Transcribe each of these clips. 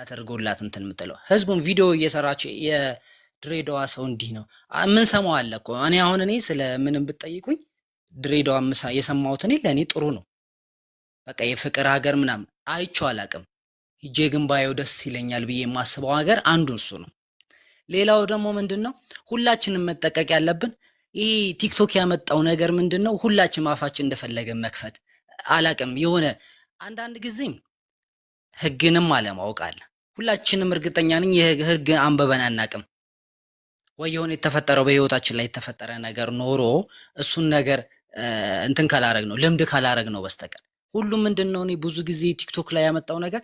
ሳተርጎላት እንትን የምትለው ህዝቡን ቪዲዮ እየሰራች የድሬዳዋ ሰው እንዲህ ነው ምን ሰማው አለ እኮ እኔ አሁን እኔ ስለ ምንም ብትጠይቁኝ ድሬዳዋ ምሳ የሰማሁት እኔ ለእኔ ጥሩ ነው። በቃ የፍቅር ሀገር ምናምን አይቼው አላቅም። ሂጄ ግን ባየው ደስ ይለኛል ብዬ የማስበው ሀገር አንዱ እሱ ነው። ሌላው ደግሞ ምንድን ነው ሁላችንም መጠቀቅ ያለብን ይህ ቲክቶክ ያመጣው ነገር ምንድን ነው? ሁላችንም አፋችን እንደፈለገ መክፈት አላቅም። የሆነ አንዳንድ ጊዜም ህግንም አለማወቅ አለ። ሁላችንም እርግጠኛ ነኝ የህግ አንበበን አናቅም ወይ የሆነ የተፈጠረው በህይወታችን ላይ የተፈጠረ ነገር ኖሮ እሱን ነገር እንትን ካላረግ ነው ልምድ ካላረግ ነው በስተቀር ሁሉም ምንድን ነው እኔ ብዙ ጊዜ ቲክቶክ ላይ ያመጣው ነገር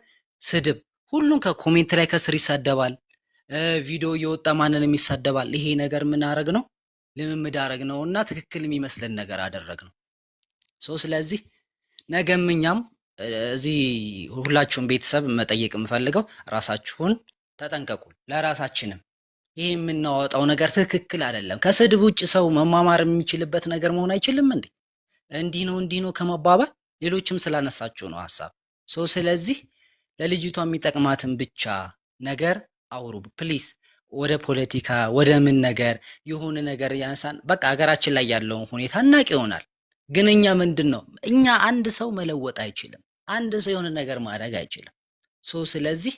ስድብ ሁሉም ከኮሜንት ላይ ከስር ይሳደባል ቪዲዮ እየወጣ ማንንም ይሳደባል ይሄ ነገር ምን አረግ ነው ልምምድ አረግ ነው እና ትክክል የሚመስልን ነገር አደረግ ነው ሶ ስለዚህ ነገም እኛም እዚህ ሁላችሁም ቤተሰብ መጠየቅ የምፈልገው ራሳችሁን ተጠንቀቁ። ለራሳችንም ይህ የምናወጣው ነገር ትክክል አይደለም። ከስድብ ውጭ ሰው መማማር የሚችልበት ነገር መሆን አይችልም እንዴ? እንዲህ ነው እንዲህ ነው ከመባባል ሌሎችም ስላነሳችሁ ነው ሀሳብ ሶ ስለዚህ ለልጅቷ የሚጠቅማትን ብቻ ነገር አውሩ ፕሊስ። ወደ ፖለቲካ ወደ ምን ነገር የሆነ ነገር ያነሳን በቃ ሀገራችን ላይ ያለውን ሁኔታ እናቅ ይሆናል። ግን እኛ ምንድን ነው እኛ አንድ ሰው መለወጥ አይችልም። አንድ ሰው የሆነ ነገር ማድረግ አይችልም። ሶ ስለዚህ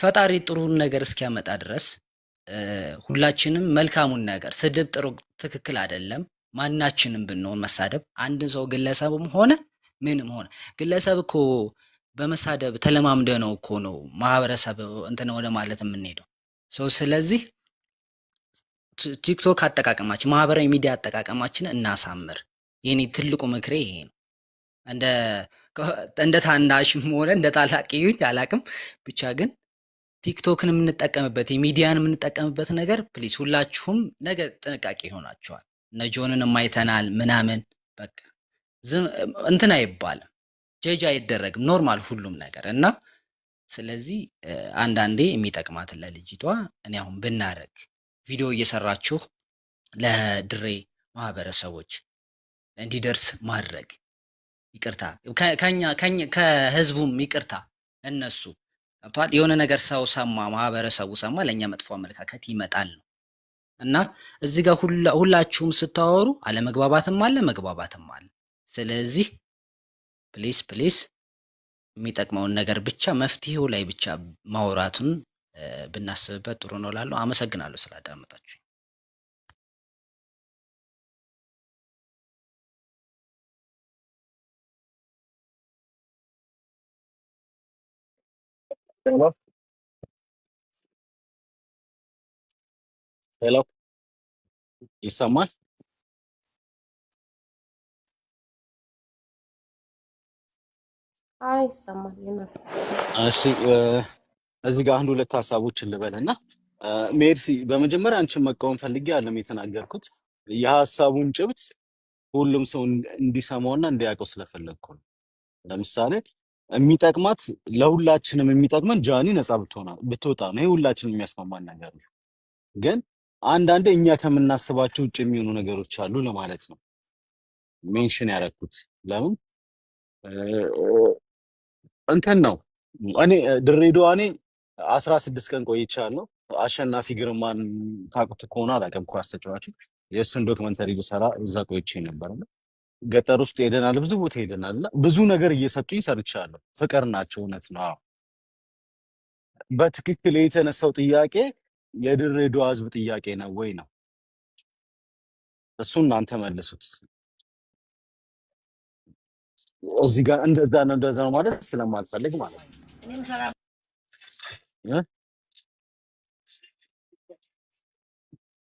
ፈጣሪ ጥሩን ነገር እስኪያመጣ ድረስ ሁላችንም መልካሙን ነገር ስድብ ጥሩ ትክክል አይደለም። ማናችንም ብንሆን መሳደብ አንድን ሰው ግለሰብም ሆነ ምንም ሆነ ግለሰብ እኮ በመሳደብ ተለማምደ ነው እኮ ነው ማህበረሰብ እንትን ወደ ማለት የምንሄደው። ስለዚህ ቲክቶክ አጠቃቀማችን ማህበራዊ ሚዲያ አጠቃቀማችን እናሳምር። የኔ ትልቁ ምክሬ ይሄ ነው እንደ እንደ ታናሽም ሆነ እንደ ታላቅ ይሁን አላቅም፣ ብቻ ግን ቲክቶክን የምንጠቀምበት የሚዲያን የምንጠቀምበት ነገር ፕሊዝ ሁላችሁም ነገ ጥንቃቄ ይሆናችኋል። ነጆንን የማይተናል ምናምን በቃ እንትን አይባልም፣ ጀጅ አይደረግም፣ ኖርማል ሁሉም ነገር እና ስለዚህ አንዳንዴ የሚጠቅማትን ለልጅቷ እኔ አሁን ብናደረግ ቪዲዮ እየሰራችሁ ለድሬ ማህበረሰቦች እንዲደርስ ማድረግ ይቅርታ ከኛ ከህዝቡም ይቅርታ እነሱ ገብተዋል። የሆነ ነገር ሰው ሰማ፣ ማህበረሰቡ ሰማ፣ ለእኛ መጥፎ አመለካከት ይመጣል ነው እና እዚህ ጋር ሁላችሁም ስታወሩ አለመግባባትም አለ መግባባትም አለ። ስለዚህ ፕሊስ ፕሊስ የሚጠቅመውን ነገር ብቻ መፍትሄው ላይ ብቻ ማውራቱን ብናስብበት ጥሩ ነው እላለሁ። አመሰግናለሁ ስላዳመጣችሁ። Hello? ሄሎ ይሰማል? አይ ይሰማል። እሺ እዚህ ጋር አንድ ሁለት ሀሳቦችን ልበልና እ፣ ሜርሲ በመጀመሪያ አንቺን መቃወም ፈልጌ አይደለም የተናገርኩት የሀሳቡን ጭብት ሁሉም ሰው እንዲሰማውና እንዲያውቀው ስለፈለግኩ ነው። ለምሳሌ የሚጠቅማት ለሁላችንም የሚጠቅመን ጃኒ ነጻ ብትወጣ ነው። ይሄ ሁላችንም የሚያስማማን ነገር ነው። ግን አንዳንዴ እኛ ከምናስባቸው ውጭ የሚሆኑ ነገሮች አሉ ለማለት ነው ሜንሽን ያደረኩት። ለምን እንትን ነው እኔ ድሬዳዋ እኔ አስራ ስድስት ቀን ቆይቻለሁ። አሸናፊ ግርማን ታውቁት ከሆነ አላውቅም፣ ኳስ ተጫዋቹ የእሱን ዶክመንተሪ ብሰራ እዛ ቆይቼ ነበር። ገጠር ውስጥ ሄደናል፣ ብዙ ቦታ ሄደናል እና ብዙ ነገር እየሰጡኝ ሰርቻለሁ። ፍቅር ናቸው። እውነት ነው። በትክክል የተነሳው ጥያቄ የድሬዳዋ ህዝብ ጥያቄ ነው ወይ ነው እሱ። እናንተ መልሱት። እዚህ ጋር እንደዛ ነው እንደዛ ነው ማለት ስለማልፈልግ ማለት ነው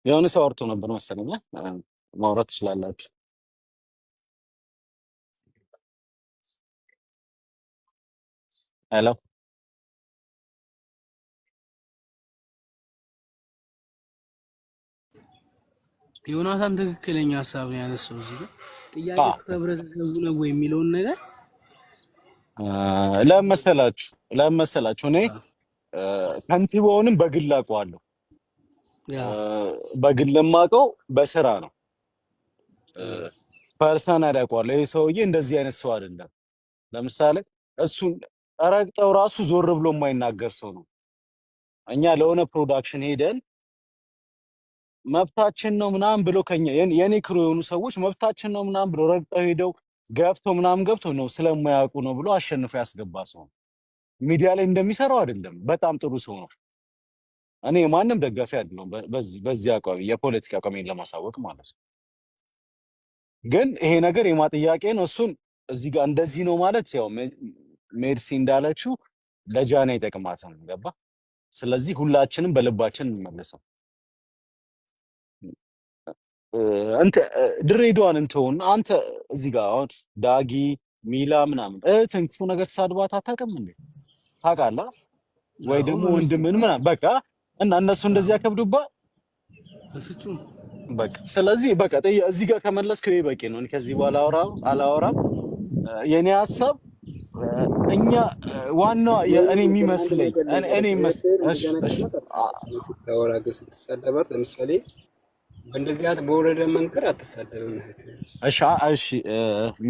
የሆነ ሰው አውርቶ ነበር መሰለኝ። ማውራት ትችላላችሁ። हेलो ዮናታን ትክክለኛ ሀሳብ ነው ያነሳው። እዚህ ጥያቄ ከህብረተሰቡ ነው ወይ የሚለውን ነገር ለመሰላችሁ ለመሰላችሁ እኔ ከንቲባውንም በግል አውቀዋለሁ። በግል የማውቀው በስራ ነው። ፐርሰናል አውቀዋለሁ። ይህ ሰውዬ እንደዚህ አይነት ሰው አይደለም። ለምሳሌ እሱን ረግጠው ራሱ ዞር ብሎ የማይናገር ሰው ነው። እኛ ለሆነ ፕሮዳክሽን ሄደን መብታችን ነው ምናምን ብሎ ከኛ የኔ ክሮ የሆኑ ሰዎች መብታችን ነው ምናምን ብሎ ረግጠው ሄደው ገፍቶ ምናምን ገብቶ ነው ስለማያውቁ ነው ብሎ አሸንፎ ያስገባ ሰው ነው። ሚዲያ ላይ እንደሚሰራው አይደለም። በጣም ጥሩ ሰው ነው። እኔ ማንም ደጋፊ አይደለም። በዚህ በዚህ አቋም የፖለቲካ አቋሜን ለማሳወቅ ማለት ነው። ግን ይሄ ነገር የማጥያቄ ነው። እሱን እዚህ ጋር እንደዚህ ነው ማለት ያው ሜርሲ እንዳለችው ለጃና ይጠቅማት ነው ገባ? ስለዚህ ሁላችንም በልባችን እንመለሰው። አንተ ድሬዳዋን እንትሆን አንተ እዚህ ጋር አሁን ዳጊ ሚላ ምናምን እህትን ክፉ ነገር ሳድባት አታውቅም እንዴ? ታውቃለህ ወይ ደግሞ ወንድምን ምናምን በቃ እና እነሱ እንደዚህ ያከብዱባ ያከብዱባል። በቃ ስለዚህ በቃ እዚህ ጋር ከመለስከው ይበቂ ነው። ከዚህ በኋላ አላወራም። የኔ ሀሳብ እኛ ዋና እኔ የሚመስለኝ እኔ ወራገ ስትሳደባት ለምሳሌ በእንደዚህ አይነት በወረደ መንገድ አትሳደብም። እሺ እሺ፣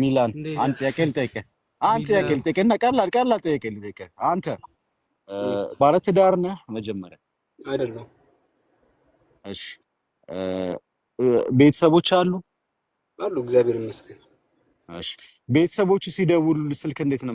ሚላን አንድ ጥያቄ ልጠይቅህ፣ አንድ ጥያቄ ልጠይቅህ እና ቀላል ቀላል ጥያቄ ልጠይቅህ። አንተ ባለትዳር ነህ? መጀመሪያ አይደለም። እሺ፣ ቤተሰቦች አሉ? አሉ፣ እግዚአብሔር ይመስገን። እሺ፣ ቤተሰቦቹ ሲደውሉ ስልክ እንዴት ነው